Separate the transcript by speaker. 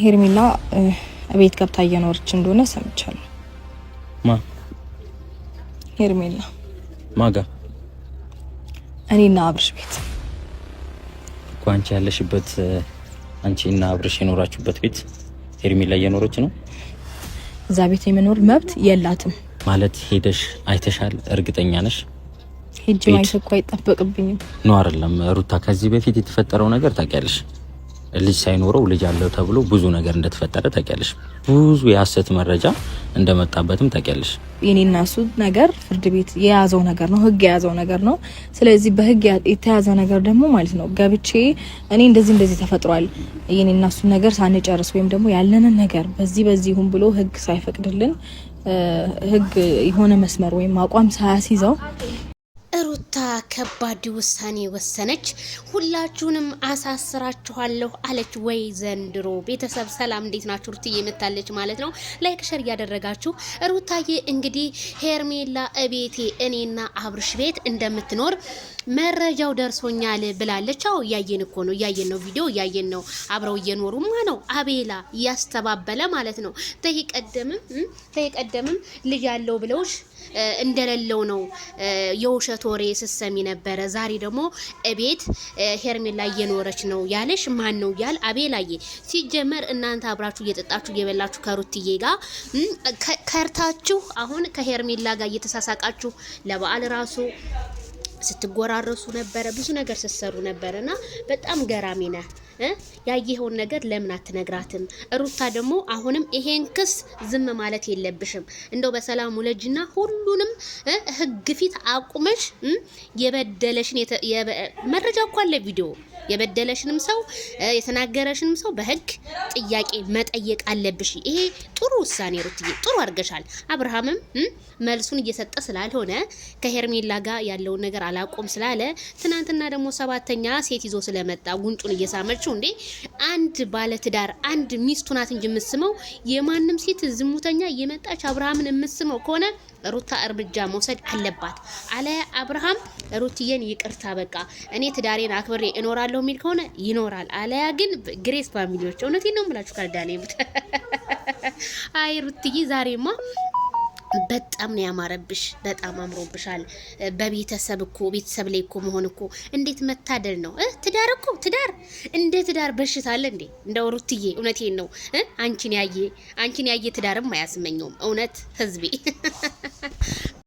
Speaker 1: ሄርሜላ ቤት ገብታ እየኖረች እንደሆነ ሰምቻለሁ። ማ ሄርሜላ ማጋ? እኔና አብርሽ ቤት
Speaker 2: እኮ። አንቺ ያለሽበት አንቺ እና አብርሽ የኖራችሁበት ቤት ሄርሜላ እየኖረች ነው።
Speaker 1: እዛ ቤት የመኖር መብት የላትም
Speaker 2: ማለት ሄደሽ አይተሻል? እርግጠኛ ነሽ?
Speaker 1: ሄጅ ማየት አይጠበቅብኝም
Speaker 2: ነው አይደለም ሩታ። ከዚህ በፊት የተፈጠረው ነገር ታውቂያለሽ ልጅ ሳይኖረው ልጅ አለው ተብሎ ብዙ ነገር እንደተፈጠረ ታውቂያለሽ። ብዙ የሀሰት መረጃ እንደመጣበትም ታውቂያለሽ።
Speaker 1: የኔና እሱ ነገር ፍርድ ቤት የያዘው ነገር ነው፣ ህግ የያዘው ነገር ነው። ስለዚህ በህግ የተያዘ ነገር ደግሞ ማለት ነው ገብቼ እኔ እንደዚህ እንደዚህ ተፈጥሯል የኔና እሱን ነገር ሳንጨርስ ወይም ደግሞ ያለንን ነገር በዚህ በዚህ ይሁን ብሎ ህግ ሳይፈቅድልን ህግ የሆነ መስመር ወይም አቋም ሳያስይዘው
Speaker 3: ሩታ ከባድ ውሳኔ ወሰነች። ሁላችሁንም አሳስራችኋለሁ አለች። ወይ ዘንድሮ ቤተሰብ ሰላም፣ እንዴት ናችሁ? ሩትዬ የምታለች ማለት ነው። ላይክ ሸር እያደረጋችሁ ሩታዬ፣ እንግዲህ ሄርሜላ እቤቴ እኔና አብርሽ ቤት እንደምትኖር መረጃው ደርሶኛል ብላለች። አዎ እያየን እኮ ነው፣ እያየን ነው፣ ቪዲዮ እያየን ነው። አብረው እየኖሩማ ነው። አቤላ እያስተባበለ ማለት ነው። ተይ ቀደምም ተይ ቀደምም ልጅ ያለው ብለውሽ እንደሌለው ነው የውሸት ወሬ ስሰሚ ነበረ። ዛሬ ደግሞ እቤት ሄርሜላ እየኖረች ነው ያለሽ ማን ነው ያል አቤላዬ። ሲጀመር እናንተ አብራችሁ እየጠጣችሁ እየበላችሁ ከሩትዬ ጋር ከርታችሁ አሁን ከሄርሜላ ጋር እየተሳሳቃችሁ ለበዓል ራሱ ስትጎራረሱ ነበረ፣ ብዙ ነገር ስትሰሩ ነበረና በጣም ገራሚ ነህ። ያየኸውን ነገር ለምን አትነግራትም? ሩታ ደግሞ አሁንም ይሄን ክስ ዝም ማለት የለብሽም። እንደው በሰላም ውለጅና ሁሉንም ህግ ፊት አቁመሽ የበደለሽን መረጃ እኮ አለ ቪዲዮ የበደለሽንም ሰው የተናገረሽንም ሰው በህግ ጥያቄ መጠየቅ አለብሽ። ይሄ ጥሩ ውሳኔ ሩትዬ፣ ጥሩ አድርገሻል። አብርሃምም መልሱን እየሰጠ ስላልሆነ ከሄርሜላ ጋር ያለውን ነገር አላቆም ስላለ ትናንትና ደግሞ ሰባተኛ ሴት ይዞ ስለመጣ ጉንጩን እየሳመችው ናችሁ እንዴ? አንድ ባለትዳር አንድ ሚስቱ ናት እንጂ የምስመው የማንም ሴት ዝሙተኛ የመጣች አብርሃምን የምስመው ከሆነ ሩታ እርምጃ መውሰድ አለባት። አለያ አብርሃም ሩትዬን ይቅርታ፣ በቃ እኔ ትዳሬን አክብሬ እኖራለሁ የሚል ከሆነ ይኖራል። አለያ ግን ግሬስ ፋሚሊዎች እውነቴን ነው የምላችሁ ካልዳኔ አይ ሩትዬ ዛሬማ በጣም ነው ያማረብሽ። በጣም አምሮብሻል። በቤተሰብ እኮ ቤተሰብ ላይ እኮ መሆን እኮ እንዴት መታደል ነው! ትዳር እኮ ትዳር እንደ ትዳር በሽታ አለ እንዴ? እንደው ሩትዬ እውነቴን ነው። አንቺን ያየ አንቺን ያየ ትዳርም አያስመኘውም። እውነት ህዝቤ